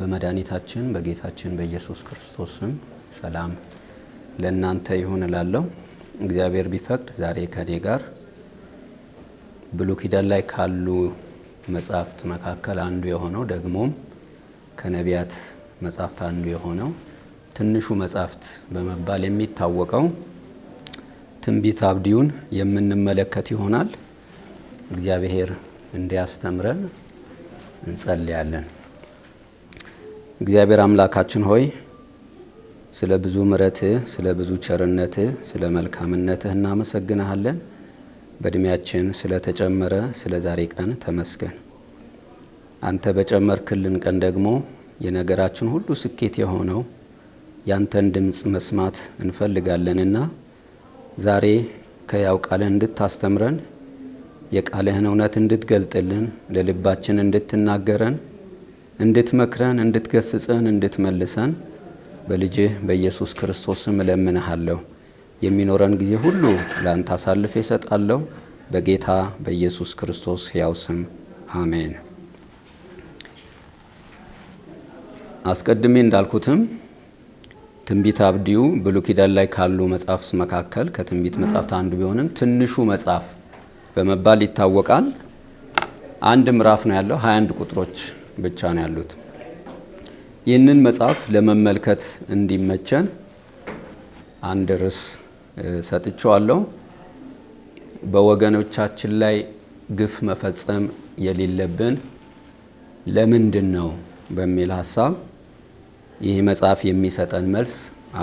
በመድኃኒታችን በጌታችን በኢየሱስ ክርስቶስ ሰላም ለእናንተ ይሁን እላለሁ። እግዚአብሔር ቢፈቅድ ዛሬ ከኔ ጋር ብሉይ ኪዳን ላይ ካሉ መጽሐፍት መካከል አንዱ የሆነው ደግሞም ከነቢያት መጽሐፍት አንዱ የሆነው ትንሹ መጽሐፍት በመባል የሚታወቀው ትንቢተ አብድዩን የምንመለከት ይሆናል። እግዚአብሔር እንዲያስተምረን እንጸልያለን። እግዚአብሔር አምላካችን ሆይ ስለ ብዙ ምሕረትህ፣ ስለ ብዙ ቸርነትህ፣ ስለ መልካምነትህ እናመሰግንሃለን። በእድሜያችን ስለ ተጨመረ ስለ ዛሬ ቀን ተመስገን። አንተ በጨመርክልን ቀን ደግሞ የነገራችን ሁሉ ስኬት የሆነው ያንተን ድምፅ መስማት እንፈልጋለንና ዛሬ ከያው ቃልህ እንድታስተምረን የቃልህን እውነት እንድትገልጥልን ለልባችን እንድትናገረን እንድትመክረን፣ እንድትገስጸን፣ እንድትመልሰን በልጅህ በኢየሱስ ክርስቶስም እለምንሃለሁ። የሚኖረን ጊዜ ሁሉ ለአንተ አሳልፌ እሰጣለሁ። በጌታ በኢየሱስ ክርስቶስ ሕያው ስም አሜን። አስቀድሜ እንዳልኩትም ትንቢት አብዲው ብሉይ ኪዳን ላይ ካሉ መጽሐፍ መካከል ከትንቢት መጽሐፍት አንዱ ቢሆንም ትንሹ መጽሐፍ በመባል ይታወቃል። አንድ ምዕራፍ ነው ያለው 21 ቁጥሮች ብቻ ነው ያሉት። ይህንን መጽሐፍ ለመመልከት እንዲመቸን አንድ ርዕስ ሰጥቼዋለሁ። በወገኖቻችን ላይ ግፍ መፈጸም የሌለብን ለምንድን ነው በሚል ሀሳብ ይህ መጽሐፍ የሚሰጠን መልስ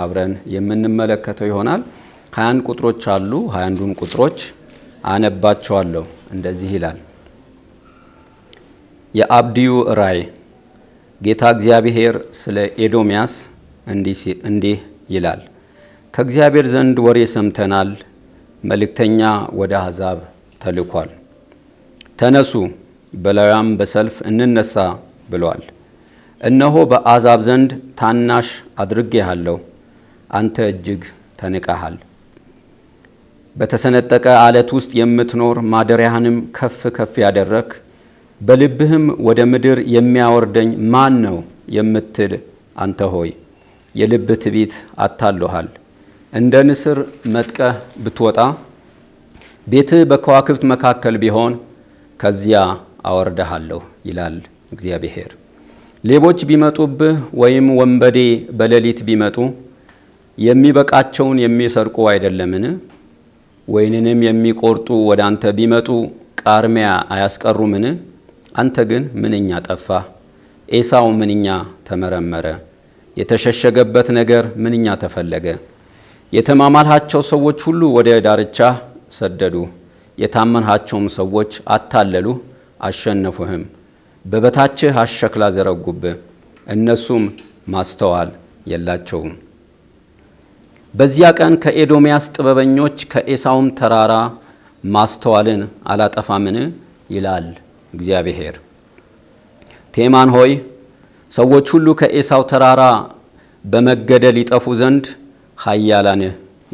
አብረን የምንመለከተው ይሆናል። ሀያን ቁጥሮች አሉ። ሀያንዱን ቁጥሮች አነባቸዋለሁ። እንደዚህ ይላል። የአብድዩ ራእይ። ጌታ እግዚአብሔር ስለ ኤዶምያስ እንዲህ ይላል፣ ከእግዚአብሔር ዘንድ ወሬ ሰምተናል፣ መልእክተኛ ወደ አሕዛብ ተልኳል። ተነሱ፣ በላዩም በሰልፍ እንነሳ ብሏል። እነሆ በአሕዛብ ዘንድ ታናሽ አድርጌሃለሁ፣ አንተ እጅግ ተንቀሃል። በተሰነጠቀ አለት ውስጥ የምትኖር ማደሪያህንም ከፍ ከፍ ያደረግ። በልብህም ወደ ምድር የሚያወርደኝ ማን ነው የምትል አንተ ሆይ የልብ ትቢት አታሎሃል። እንደ ንስር መጥቀህ ብትወጣ ቤትህ በከዋክብት መካከል ቢሆን ከዚያ አወርደሃለሁ ይላል እግዚአብሔር። ሌቦች ቢመጡብህ ወይም ወንበዴ በሌሊት ቢመጡ የሚበቃቸውን የሚሰርቁ አይደለምን? ወይንንም የሚቆርጡ ወደ አንተ ቢመጡ ቃርሚያ አያስቀሩምን? አንተ ግን ምንኛ ጠፋ፣ ኤሳው ምንኛ ተመረመረ፣ የተሸሸገበት ነገር ምንኛ ተፈለገ። የተማማልሃቸው ሰዎች ሁሉ ወደ ዳርቻ ሰደዱ፣ የታመንሃቸውም ሰዎች አታለሉ፣ አሸነፉህም፣ በበታችህ አሸክላ ዘረጉብህ፣ እነሱም ማስተዋል የላቸውም። በዚያ ቀን ከኤዶምያስ ጥበበኞች ከኤሳውም ተራራ ማስተዋልን አላጠፋምን ይላል እግዚአብሔር። ቴማን ሆይ ሰዎች ሁሉ ከኤሳው ተራራ በመገደል ይጠፉ ዘንድ ኃያላን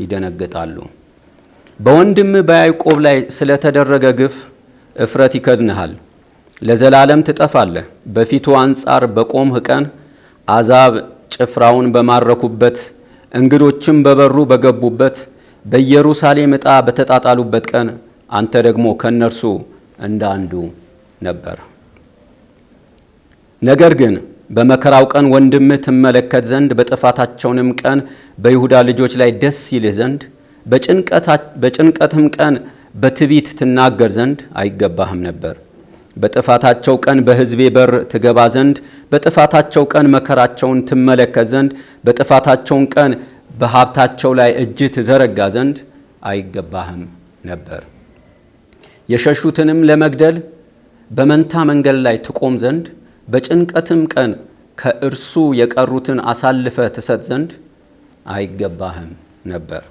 ይደነግጣሉ። በወንድም በያዕቆብ ላይ ስለተደረገ ግፍ እፍረት ይከድንሃል። ለዘላለም ትጠፋለህ። በፊቱ አንጻር በቆምህ ቀን አዛብ ጭፍራውን በማረኩበት እንግዶችም በበሩ በገቡበት በኢየሩሳሌም ዕጣ በተጣጣሉበት ቀን አንተ ደግሞ ከእነርሱ እንደ አንዱ ነበር። ነገር ግን በመከራው ቀን ወንድምህ ትመለከት ዘንድ በጥፋታቸውንም ቀን በይሁዳ ልጆች ላይ ደስ ይልህ ዘንድ በጭንቀትም ቀን በትቢት ትናገር ዘንድ አይገባህም ነበር። በጥፋታቸው ቀን በሕዝቤ በር ትገባ ዘንድ በጥፋታቸው ቀን መከራቸውን ትመለከት ዘንድ በጥፋታቸውን ቀን በሀብታቸው ላይ እጅ ትዘረጋ ዘንድ አይገባህም ነበር። የሸሹትንም ለመግደል በመንታ መንገድ ላይ ትቆም ዘንድ በጭንቀትም ቀን ከእርሱ የቀሩትን አሳልፈ ትሰጥ ዘንድ አይገባህም ነበር።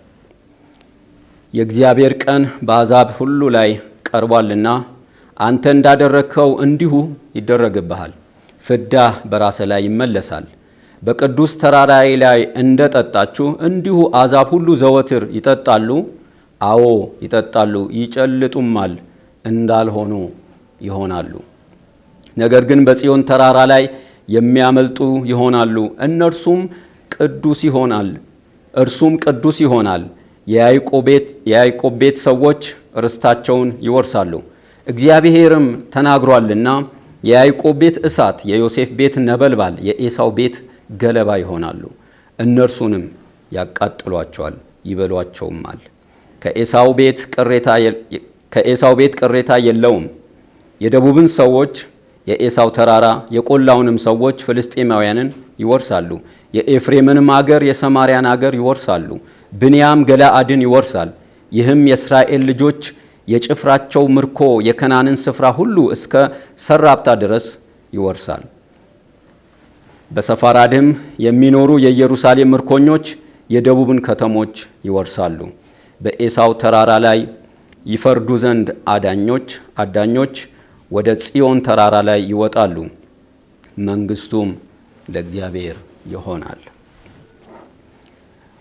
የእግዚአብሔር ቀን በአሕዛብ ሁሉ ላይ ቀርቧልና አንተ እንዳደረግከው እንዲሁ ይደረግብሃል። ፍዳህ በራሰ ላይ ይመለሳል። በቅዱስ ተራራይ ላይ እንደ ጠጣችሁ እንዲሁ አሕዛብ ሁሉ ዘወትር ይጠጣሉ። አዎ ይጠጣሉ፣ ይጨልጡማል እንዳልሆኑ ይሆናሉ። ነገር ግን በጽዮን ተራራ ላይ የሚያመልጡ ይሆናሉ፣ እነርሱም ቅዱስ ይሆናል። እርሱም ቅዱስ ይሆናል። የያዕቆብ ቤት ሰዎች ርስታቸውን ይወርሳሉ። እግዚአብሔርም ተናግሯልና የያዕቆብ ቤት እሳት፣ የዮሴፍ ቤት ነበልባል፣ የኤሳው ቤት ገለባ ይሆናሉ። እነርሱንም ያቃጥሏቸዋል፣ ይበሏቸውማል። ከኤሳው ቤት ቅሬታ የለውም የደቡብን ሰዎች የኤሳው ተራራ የቆላውንም ሰዎች ፍልስጤማውያንን ይወርሳሉ። የኤፍሬምንም አገር የሰማርያን አገር ይወርሳሉ። ብንያም ገላአድን ይወርሳል። ይህም የእስራኤል ልጆች የጭፍራቸው ምርኮ የከናንን ስፍራ ሁሉ እስከ ሰራብታ ድረስ ይወርሳል። በሰፋራድም የሚኖሩ የኢየሩሳሌም ምርኮኞች የደቡብን ከተሞች ይወርሳሉ። በኤሳው ተራራ ላይ ይፈርዱ ዘንድ አዳኞች አዳኞች ወደ ጽዮን ተራራ ላይ ይወጣሉ፣ መንግስቱም ለእግዚአብሔር ይሆናል።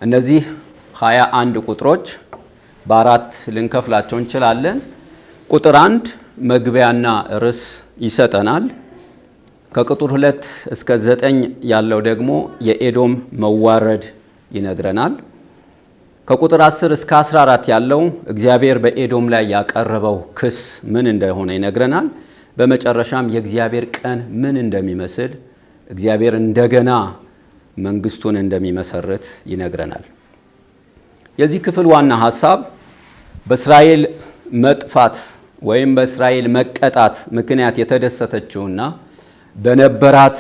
እነዚህ ሀያ አንድ ቁጥሮች በአራት ልንከፍላቸው እንችላለን። ቁጥር አንድ መግቢያና ርዕስ ይሰጠናል። ከቁጥር ሁለት እስከ ዘጠኝ ያለው ደግሞ የኤዶም መዋረድ ይነግረናል። ከቁጥር 10 እስከ 14 ያለው እግዚአብሔር በኤዶም ላይ ያቀረበው ክስ ምን እንደሆነ ይነግረናል። በመጨረሻም የእግዚአብሔር ቀን ምን እንደሚመስል እግዚአብሔር እንደገና መንግስቱን እንደሚመሰርት ይነግረናል። የዚህ ክፍል ዋና ሀሳብ በእስራኤል መጥፋት ወይም በእስራኤል መቀጣት ምክንያት የተደሰተችውና በነበራት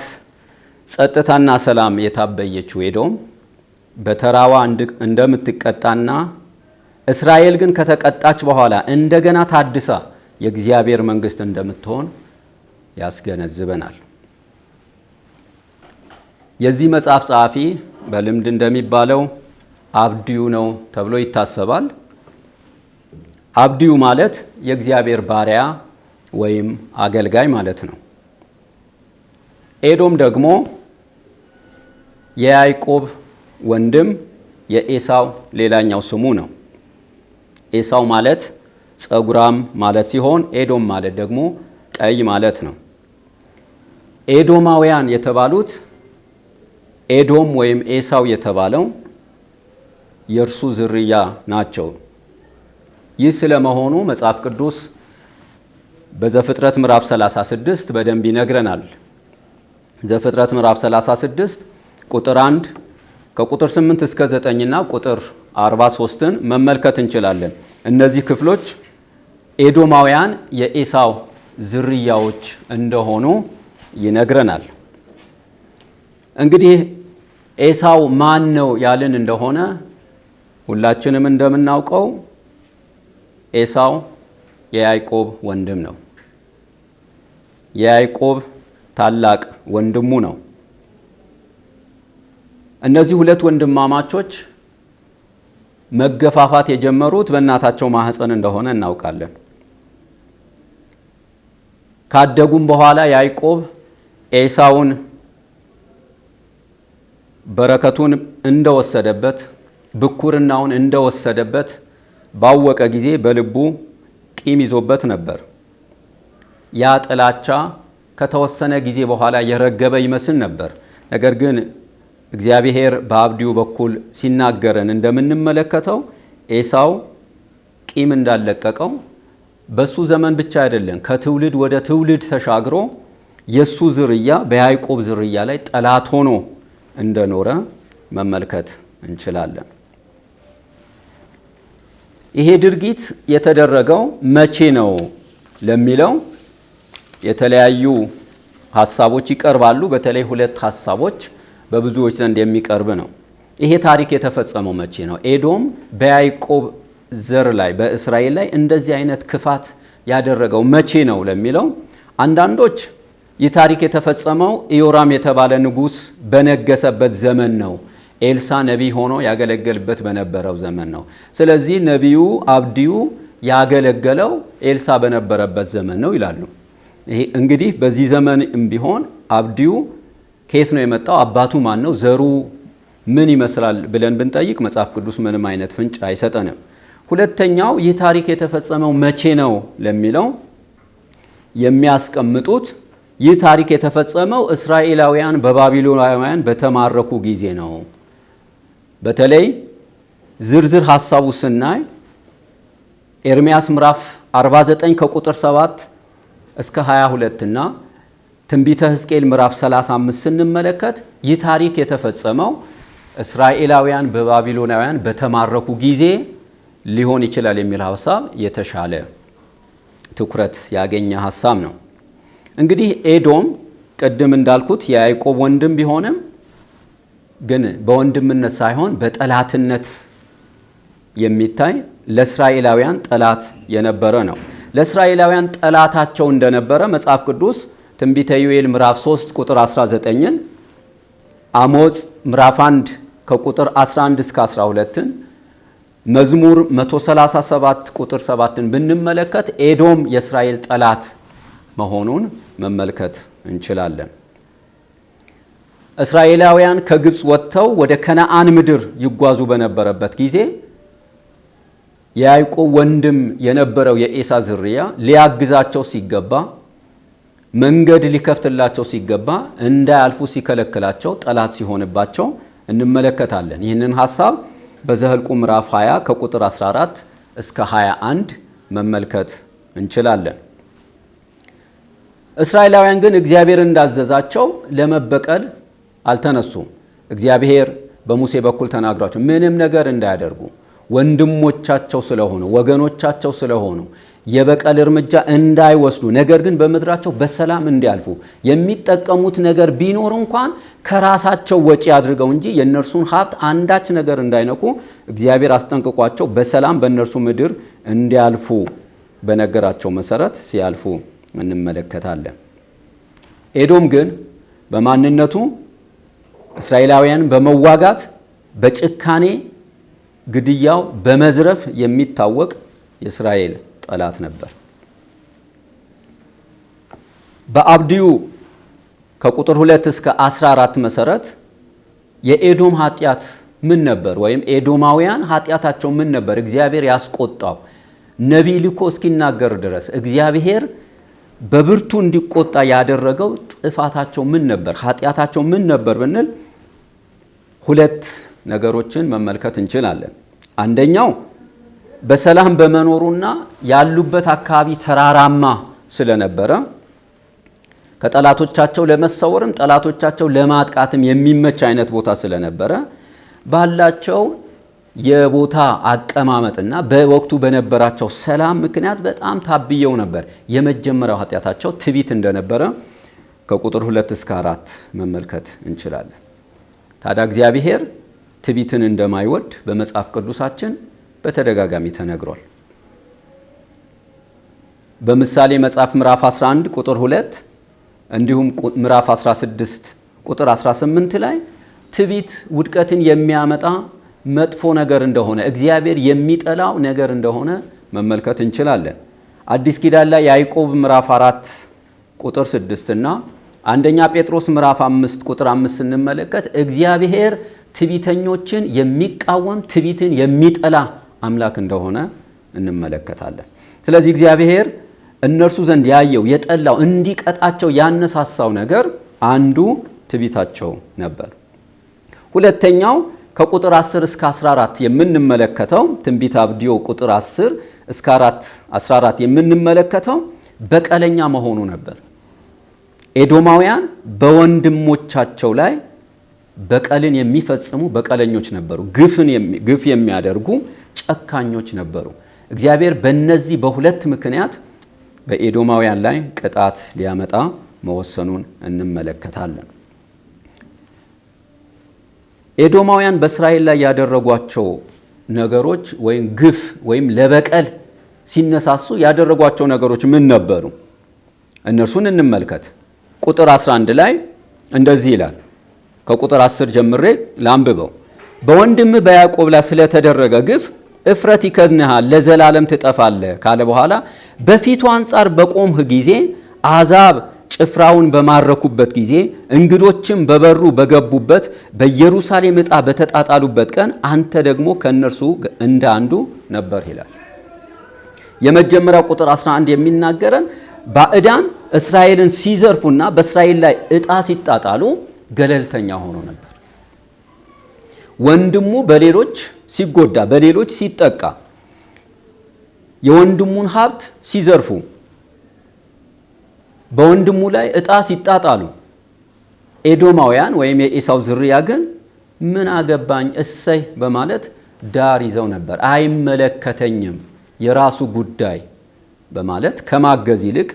ጸጥታና ሰላም የታበየችው ኤዶም በተራዋ እንደምትቀጣና እስራኤል ግን ከተቀጣች በኋላ እንደገና ታድሳ የእግዚአብሔር መንግስት እንደምትሆን ያስገነዝበናል። የዚህ መጽሐፍ ጸሐፊ በልምድ እንደሚባለው አብድዩ ነው ተብሎ ይታሰባል። አብድዩ ማለት የእግዚአብሔር ባሪያ ወይም አገልጋይ ማለት ነው። ኤዶም ደግሞ የያይቆብ ወንድም የኤሳው ሌላኛው ስሙ ነው። ኤሳው ማለት ጸጉራም ማለት ሲሆን ኤዶም ማለት ደግሞ ቀይ ማለት ነው። ኤዶማውያን የተባሉት ኤዶም ወይም ኤሳው የተባለው የእርሱ ዝርያ ናቸው። ይህ ስለመሆኑ መጽሐፍ ቅዱስ በዘፍጥረት ምዕራፍ 36 በደንብ ይነግረናል። ዘፍጥረት ምዕራፍ 36 ቁጥር 1 ከቁጥር 8 እስከ 9 እና ቁጥር 43ን መመልከት እንችላለን። እነዚህ ክፍሎች ኤዶማውያን የኤሳው ዝርያዎች እንደሆኑ ይነግረናል። እንግዲህ ኤሳው ማን ነው ያልን እንደሆነ ሁላችንም እንደምናውቀው ኤሳው የያይቆብ ወንድም ነው። የያይቆብ ታላቅ ወንድሙ ነው። እነዚህ ሁለት ወንድማማቾች መገፋፋት የጀመሩት በእናታቸው ማህፀን እንደሆነ እናውቃለን። ካደጉም በኋላ ያዕቆብ ኤሳውን በረከቱን እንደወሰደበት ብኩርናውን እንደወሰደበት ባወቀ ጊዜ በልቡ ቂም ይዞበት ነበር። ያ ጥላቻ ከተወሰነ ጊዜ በኋላ የረገበ ይመስል ነበር። ነገር ግን እግዚአብሔር በአብዲው በኩል ሲናገረን እንደምንመለከተው ኤሳው ቂም እንዳለቀቀው በሱ ዘመን ብቻ አይደለም፣ ከትውልድ ወደ ትውልድ ተሻግሮ የሱ ዝርያ በያይቆብ ዝርያ ላይ ጠላት ሆኖ እንደኖረ መመልከት እንችላለን። ይሄ ድርጊት የተደረገው መቼ ነው ለሚለው የተለያዩ ሀሳቦች ይቀርባሉ። በተለይ ሁለት ሀሳቦች በብዙዎች ዘንድ የሚቀርብ ነው። ይሄ ታሪክ የተፈጸመው መቼ ነው? ኤዶም በያይቆብ ዘር ላይ በእስራኤል ላይ እንደዚህ አይነት ክፋት ያደረገው መቼ ነው ለሚለው አንዳንዶች ይህ ታሪክ የተፈጸመው ኢዮራም የተባለ ንጉሥ በነገሰበት ዘመን ነው። ኤልሳ ነቢይ ሆኖ ያገለገልበት በነበረው ዘመን ነው። ስለዚህ ነቢዩ አብዲዩ ያገለገለው ኤልሳ በነበረበት ዘመን ነው ይላሉ። እንግዲህ በዚህ ዘመን ቢሆን አብዲዩ ከየት ነው የመጣው፣ አባቱ ማን ነው፣ ዘሩ ምን ይመስላል ብለን ብንጠይቅ መጽሐፍ ቅዱስ ምንም አይነት ፍንጭ አይሰጠንም። ሁለተኛው ይህ ታሪክ የተፈጸመው መቼ ነው ለሚለው የሚያስቀምጡት ይህ ታሪክ የተፈጸመው እስራኤላውያን በባቢሎናውያን በተማረኩ ጊዜ ነው። በተለይ ዝርዝር ሀሳቡ ስናይ ኤርሚያስ ምዕራፍ 49 ከቁጥር 7 እስከ 22 እና ትንቢተ ሕዝቅኤል ምዕራፍ 35 ስንመለከት ይህ ታሪክ የተፈጸመው እስራኤላውያን በባቢሎናውያን በተማረኩ ጊዜ ሊሆን ይችላል የሚል ሀሳብ የተሻለ ትኩረት ያገኘ ሀሳብ ነው። እንግዲህ ኤዶም ቅድም እንዳልኩት የያዕቆብ ወንድም ቢሆንም ግን በወንድምነት ሳይሆን በጠላትነት የሚታይ ለእስራኤላውያን ጠላት የነበረ ነው። ለእስራኤላውያን ጠላታቸው እንደነበረ መጽሐፍ ቅዱስ ትንቢተ ዩኤል ምዕራፍ 3 ቁጥር 19ን አሞጽ ምዕራፍ 1 ከቁጥር 11 እስከ 12ን መዝሙር 137 ቁጥር 7ን ብንመለከት ኤዶም የእስራኤል ጠላት መሆኑን መመልከት እንችላለን። እስራኤላውያን ከግብፅ ወጥተው ወደ ከነአን ምድር ይጓዙ በነበረበት ጊዜ የያዕቆብ ወንድም የነበረው የኤሳ ዝርያ ሊያግዛቸው ሲገባ መንገድ ሊከፍትላቸው ሲገባ እንዳያልፉ ሲከለክላቸው ጠላት ሲሆንባቸው እንመለከታለን። ይህንን ሀሳብ በዘህልቁ ምዕራፍ 20 ከቁጥር 14 እስከ 21 መመልከት እንችላለን። እስራኤላውያን ግን እግዚአብሔር እንዳዘዛቸው ለመበቀል አልተነሱም። እግዚአብሔር በሙሴ በኩል ተናግሯቸው ምንም ነገር እንዳያደርጉ ወንድሞቻቸው ስለሆኑ ወገኖቻቸው ስለሆኑ የበቀል እርምጃ እንዳይወስዱ ነገር ግን በምድራቸው በሰላም እንዲያልፉ የሚጠቀሙት ነገር ቢኖር እንኳን ከራሳቸው ወጪ አድርገው እንጂ የእነርሱን ሀብት አንዳች ነገር እንዳይነኩ እግዚአብሔር አስጠንቅቋቸው በሰላም በእነርሱ ምድር እንዲያልፉ በነገራቸው መሰረት ሲያልፉ እንመለከታለን። ኤዶም ግን በማንነቱ እስራኤላውያን በመዋጋት በጭካኔ ግድያው፣ በመዝረፍ የሚታወቅ የእስራኤል ጠላት ነበር። በአብድዩ ከቁጥር 2 እስከ 14 መሰረት የኤዶም ኃጢአት ምን ነበር? ወይም ኤዶማውያን ኃጢአታቸው ምን ነበር? እግዚአብሔር ያስቆጣው ነቢይ ልኮ እስኪናገር ድረስ እግዚአብሔር በብርቱ እንዲቆጣ ያደረገው ጥፋታቸው ምን ነበር? ኃጢአታቸው ምን ነበር ብንል ሁለት ነገሮችን መመልከት እንችላለን። አንደኛው በሰላም በመኖሩና ያሉበት አካባቢ ተራራማ ስለነበረ ከጠላቶቻቸው ለመሰወርም ጠላቶቻቸው ለማጥቃትም የሚመች አይነት ቦታ ስለነበረ ባላቸው የቦታ አቀማመጥና በወቅቱ በነበራቸው ሰላም ምክንያት በጣም ታብየው ነበር። የመጀመሪያው ኃጢአታቸው ትቢት እንደነበረ ከቁጥር ሁለት እስከ አራት መመልከት እንችላለን። ታዲያ እግዚአብሔር ትቢትን እንደማይወድ በመጽሐፍ ቅዱሳችን በተደጋጋሚ ተነግሯል። በምሳሌ መጽሐፍ ምዕራፍ 11 ቁጥር 2 እንዲሁም ምዕራፍ 16 ቁጥር 18 ላይ ትቢት ውድቀትን የሚያመጣ መጥፎ ነገር እንደሆነ እግዚአብሔር የሚጠላው ነገር እንደሆነ መመልከት እንችላለን። አዲስ ኪዳን ላይ ያዕቆብ ምዕራፍ 4 ቁጥር 6 እና አንደኛ ጴጥሮስ ምዕራፍ 5 ቁጥር 5 ስንመለከት እግዚአብሔር ትቢተኞችን የሚቃወም ትቢትን የሚጠላ አምላክ እንደሆነ እንመለከታለን። ስለዚህ እግዚአብሔር እነርሱ ዘንድ ያየው የጠላው እንዲቀጣቸው ያነሳሳው ነገር አንዱ ትቢታቸው ነበር። ሁለተኛው ከቁጥር 10 እስከ 14 የምንመለከተው ትንቢት አብዲዮ ቁጥር 10 እስከ 14 የምንመለከተው በቀለኛ መሆኑ ነበር። ኤዶማውያን በወንድሞቻቸው ላይ በቀልን የሚፈጽሙ በቀለኞች ነበሩ። ግፍ የሚያደርጉ ጨካኞች ነበሩ። እግዚአብሔር በእነዚህ በሁለት ምክንያት በኤዶማውያን ላይ ቅጣት ሊያመጣ መወሰኑን እንመለከታለን። ኤዶማውያን በእስራኤል ላይ ያደረጓቸው ነገሮች ወይም ግፍ ወይም ለበቀል ሲነሳሱ ያደረጓቸው ነገሮች ምን ነበሩ? እነርሱን እንመልከት። ቁጥር 11 ላይ እንደዚህ ይላል። ከቁጥር 10 ጀምሬ ላንብበው። በወንድም በያዕቆብ ላይ ስለተደረገ ግፍ እፍረት ይከድንሃል፣ ለዘላለም ትጠፋለህ ካለ በኋላ በፊቱ አንጻር በቆምህ ጊዜ አዛብ ጭፍራውን በማረኩበት ጊዜ እንግዶችም በበሩ በገቡበት በኢየሩሳሌም ዕጣ በተጣጣሉበት ቀን አንተ ደግሞ ከእነርሱ እንደ አንዱ ነበር ይላል። የመጀመሪያው ቁጥር 11 የሚናገረን ባዕዳን እስራኤልን ሲዘርፉና በእስራኤል ላይ ዕጣ ሲጣጣሉ ገለልተኛ ሆኖ ነበር። ወንድሙ በሌሎች ሲጎዳ፣ በሌሎች ሲጠቃ፣ የወንድሙን ሀብት ሲዘርፉ፣ በወንድሙ ላይ እጣ ሲጣጣሉ፣ ኤዶማውያን ወይም የኤሳው ዝርያ ግን ምን አገባኝ እሰይ በማለት ዳር ይዘው ነበር። አይመለከተኝም፣ የራሱ ጉዳይ በማለት ከማገዝ ይልቅ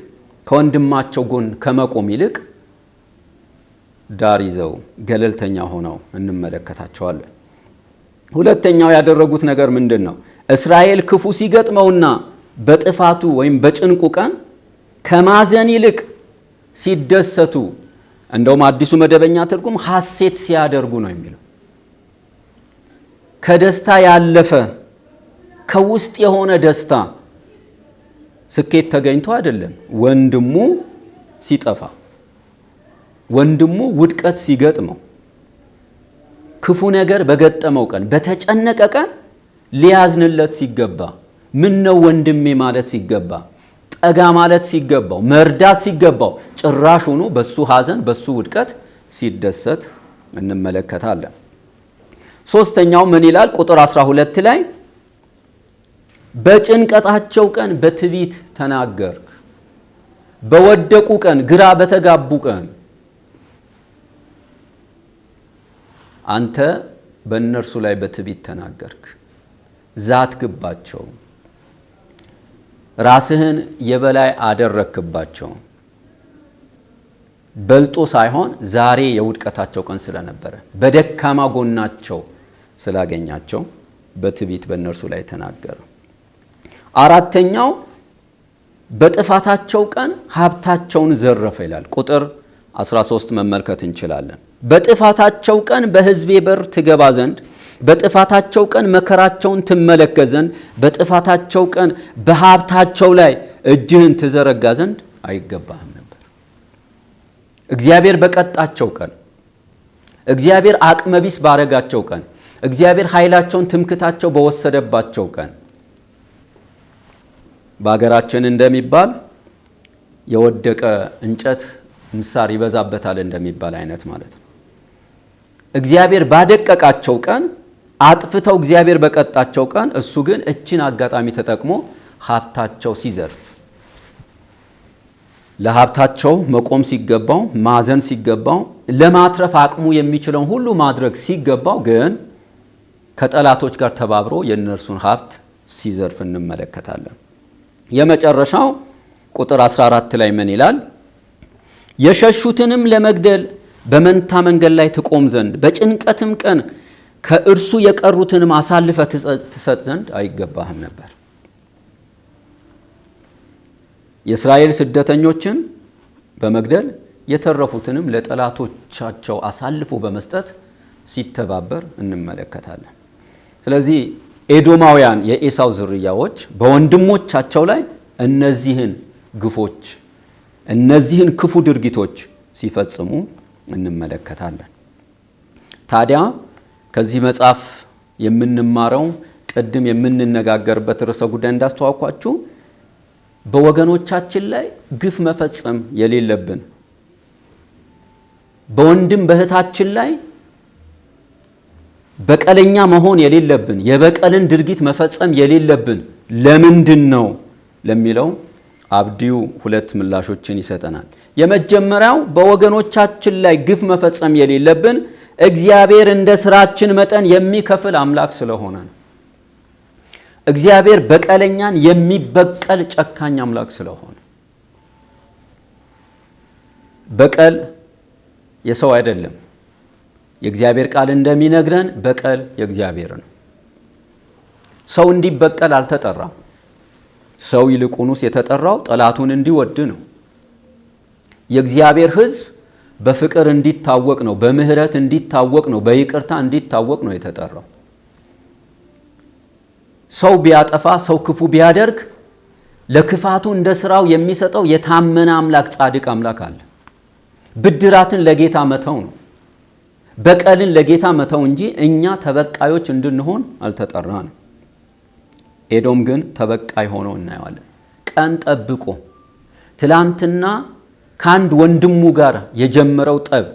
ከወንድማቸው ጎን ከመቆም ይልቅ ዳር ይዘው ገለልተኛ ሆነው እንመለከታቸዋለን። ሁለተኛው ያደረጉት ነገር ምንድን ነው? እስራኤል ክፉ ሲገጥመውና በጥፋቱ ወይም በጭንቁ ቀን ከማዘን ይልቅ ሲደሰቱ፣ እንደውም አዲሱ መደበኛ ትርጉም ሐሴት ሲያደርጉ ነው የሚለው ከደስታ ያለፈ ከውስጥ የሆነ ደስታ ስኬት ተገኝቶ አይደለም፣ ወንድሙ ሲጠፋ ወንድሙ ውድቀት ሲገጥመው ክፉ ነገር በገጠመው ቀን በተጨነቀ ቀን ሊያዝንለት ሲገባ ምን ነው ወንድሜ ማለት ሲገባ ጠጋ ማለት ሲገባው መርዳት ሲገባው ጭራሽ ሆኖ በሱ ሐዘን በሱ ውድቀት ሲደሰት እንመለከታለን። ሶስተኛው ምን ይላል? ቁጥር 12 ላይ በጭንቀታቸው ቀን በትዕቢት ተናገርክ፣ በወደቁ ቀን ግራ በተጋቡ ቀን አንተ በእነርሱ ላይ በትቢት ተናገርክ፣ ዛት ግባቸው ራስህን የበላይ አደረክባቸው። በልጦ ሳይሆን ዛሬ የውድቀታቸው ቀን ስለነበረ በደካማ ጎናቸው ስላገኛቸው በትቢት በእነርሱ ላይ ተናገረ። አራተኛው በጥፋታቸው ቀን ሀብታቸውን ዘረፈ ይላል። ቁጥር 13 መመልከት እንችላለን። በጥፋታቸው ቀን በሕዝቤ በር ትገባ ዘንድ በጥፋታቸው ቀን መከራቸውን ትመለከት ዘንድ በጥፋታቸው ቀን በሀብታቸው ላይ እጅህን ትዘረጋ ዘንድ አይገባህም ነበር። እግዚአብሔር በቀጣቸው ቀን፣ እግዚአብሔር አቅመቢስ ባረጋቸው ቀን፣ እግዚአብሔር ኃይላቸውን ትምክታቸው በወሰደባቸው ቀን በሀገራችን እንደሚባል የወደቀ እንጨት ምሳር ይበዛበታል እንደሚባል አይነት ማለት ነው። እግዚአብሔር ባደቀቃቸው ቀን አጥፍተው እግዚአብሔር በቀጣቸው ቀን እሱ ግን እችን አጋጣሚ ተጠቅሞ ሀብታቸው ሲዘርፍ ለሀብታቸው መቆም ሲገባው ማዘን ሲገባው ለማትረፍ አቅሙ የሚችለውን ሁሉ ማድረግ ሲገባው ግን ከጠላቶች ጋር ተባብሮ የእነርሱን ሀብት ሲዘርፍ እንመለከታለን። የመጨረሻው ቁጥር 14 ላይ ምን ይላል? የሸሹትንም ለመግደል በመንታ መንገድ ላይ ትቆም ዘንድ በጭንቀትም ቀን ከእርሱ የቀሩትንም አሳልፈ ትሰጥ ዘንድ አይገባህም ነበር። የእስራኤል ስደተኞችን በመግደል የተረፉትንም ለጠላቶቻቸው አሳልፎ በመስጠት ሲተባበር እንመለከታለን። ስለዚህ ኤዶማውያን የኤሳው ዝርያዎች በወንድሞቻቸው ላይ እነዚህን ግፎች፣ እነዚህን ክፉ ድርጊቶች ሲፈጽሙ እንመለከታለን። ታዲያ ከዚህ መጽሐፍ የምንማረው ቅድም የምንነጋገርበት ርዕሰ ጉዳይ እንዳስተዋውኳችሁ በወገኖቻችን ላይ ግፍ መፈጸም የሌለብን በወንድም በእህታችን ላይ በቀለኛ መሆን የሌለብን የበቀልን ድርጊት መፈጸም የሌለብን ለምንድን ነው ለሚለው አብዲው ሁለት ምላሾችን ይሰጠናል። የመጀመሪያው በወገኖቻችን ላይ ግፍ መፈጸም የሌለብን እግዚአብሔር እንደ ስራችን መጠን የሚከፍል አምላክ ስለሆነ ነው። እግዚአብሔር በቀለኛን የሚበቀል ጨካኝ አምላክ ስለሆነ በቀል የሰው አይደለም። የእግዚአብሔር ቃል እንደሚነግረን በቀል የእግዚአብሔር ነው። ሰው እንዲበቀል አልተጠራም። ሰው ይልቁንስ የተጠራው ጠላቱን እንዲወድ ነው። የእግዚአብሔር ሕዝብ በፍቅር እንዲታወቅ ነው፣ በምህረት እንዲታወቅ ነው፣ በይቅርታ እንዲታወቅ ነው የተጠራው። ሰው ቢያጠፋ፣ ሰው ክፉ ቢያደርግ ለክፋቱ እንደ ስራው የሚሰጠው የታመነ አምላክ ጻድቅ አምላክ አለ። ብድራትን ለጌታ መተው ነው፣ በቀልን ለጌታ መተው እንጂ እኛ ተበቃዮች እንድንሆን አልተጠራንም። ኤዶም ግን ተበቃይ ሆኖ እናየዋለን። ቀን ጠብቆ ትላንትና ከአንድ ወንድሙ ጋር የጀመረው ጠብ፣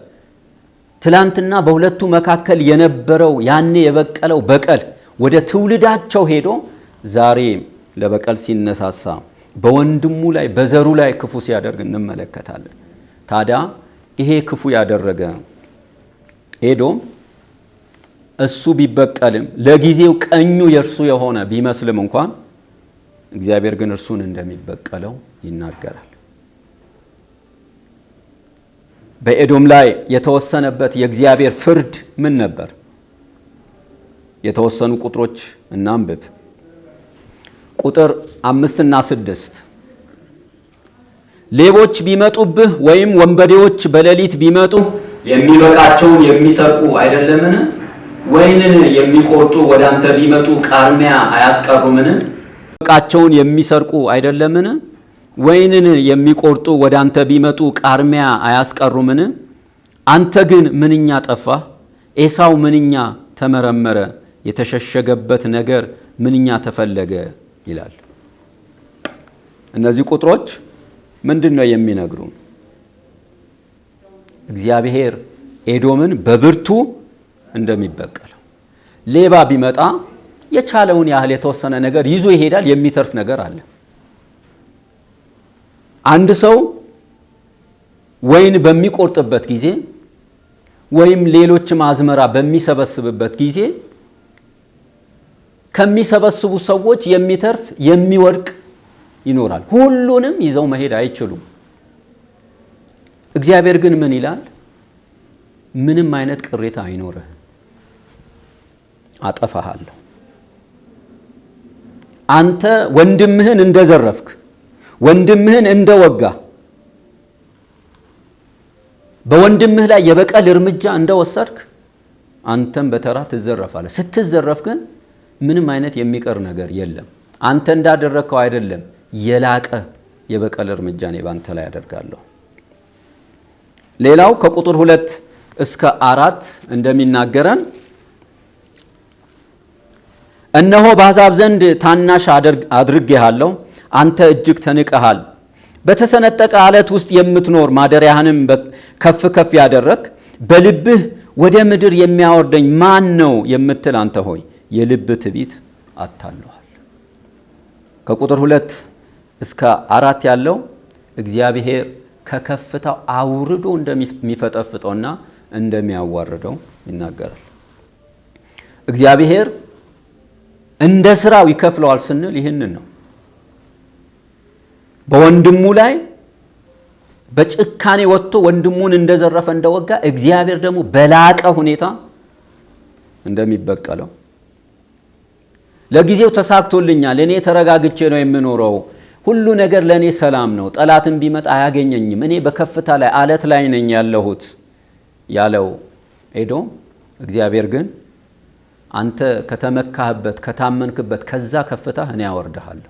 ትላንትና በሁለቱ መካከል የነበረው ያኔ የበቀለው በቀል ወደ ትውልዳቸው ሄዶ ዛሬ ለበቀል ሲነሳሳ በወንድሙ ላይ በዘሩ ላይ ክፉ ሲያደርግ እንመለከታለን። ታዲያ ይሄ ክፉ ያደረገ ኤዶም እሱ ቢበቀልም ለጊዜው ቀኙ የእርሱ የሆነ ቢመስልም እንኳን እግዚአብሔር ግን እርሱን እንደሚበቀለው ይናገራል። በኤዶም ላይ የተወሰነበት የእግዚአብሔር ፍርድ ምን ነበር? የተወሰኑ ቁጥሮች እናንብብ። ቁጥር አምስትና ስድስት ሌቦች ቢመጡብህ ወይም ወንበዴዎች በሌሊት ቢመጡ የሚበቃቸውን የሚሰርቁ አይደለምን? ወይንን የሚቆርጡ ወደ አንተ ቢመጡ ቃርሚያ አያስቀሩምን? የሚበቃቸውን የሚሰርቁ አይደለምን? ወይንን የሚቆርጡ ወደ አንተ ቢመጡ ቃርሚያ አያስቀሩምን? አንተ ግን ምንኛ ጠፋ ኤሳው ምንኛ ተመረመረ! የተሸሸገበት ነገር ምንኛ ተፈለገ ይላል። እነዚህ ቁጥሮች ምንድን ነው የሚነግሩ? እግዚአብሔር ኤዶምን በብርቱ እንደሚበቀለው ሌባ ቢመጣ የቻለውን ያህል የተወሰነ ነገር ይዞ ይሄዳል። የሚተርፍ ነገር አለ። አንድ ሰው ወይን በሚቆርጥበት ጊዜ ወይም ሌሎችም አዝመራ በሚሰበስብበት ጊዜ ከሚሰበስቡ ሰዎች የሚተርፍ የሚወድቅ ይኖራል። ሁሉንም ይዘው መሄድ አይችሉም። እግዚአብሔር ግን ምን ይላል? ምንም አይነት ቅሬታ አይኖርህ፣ አጠፋሃለሁ። አንተ ወንድምህን እንደዘረፍክ ወንድምህን እንደወጋ በወንድምህ ላይ የበቀል እርምጃ እንደወሰድክ አንተም በተራ ትዘረፋለህ። ስትዘረፍ ግን ምንም አይነት የሚቀር ነገር የለም። አንተ እንዳደረግከው አይደለም፣ የላቀ የበቀል እርምጃ እኔ በአንተ ላይ አደርጋለሁ። ሌላው ከቁጥር ሁለት እስከ አራት እንደሚናገረን እነሆ በአሕዛብ ዘንድ ታናሽ አድርጌሃለሁ አንተ እጅግ ተንቀሃል። በተሰነጠቀ አለት ውስጥ የምትኖር ማደሪያህንም ከፍ ከፍ ያደረግ በልብህ ወደ ምድር የሚያወርደኝ ማን ነው የምትል አንተ ሆይ የልብ ትቢት አታለኋል። ከቁጥር ሁለት እስከ አራት ያለው እግዚአብሔር ከከፍታው አውርዶ እንደሚፈጠፍጠውና እንደሚያዋርደው ይናገራል። እግዚአብሔር እንደ ስራው ይከፍለዋል ስንል ይህንን ነው። በወንድሙ ላይ በጭካኔ ወጥቶ ወንድሙን እንደዘረፈ እንደወጋ እግዚአብሔር ደግሞ በላቀ ሁኔታ እንደሚበቀለው ለጊዜው ተሳክቶልኛል፣ እኔ ተረጋግቼ ነው የምኖረው፣ ሁሉ ነገር ለእኔ ሰላም ነው፣ ጠላትም ቢመጣ አያገኘኝም፣ እኔ በከፍታ ላይ አለት ላይ ነኝ ያለሁት ያለው ኤዶም እግዚአብሔር ግን አንተ ከተመካህበት ከታመንክበት ከዛ ከፍታህ እኔ ያወርድሃለሁ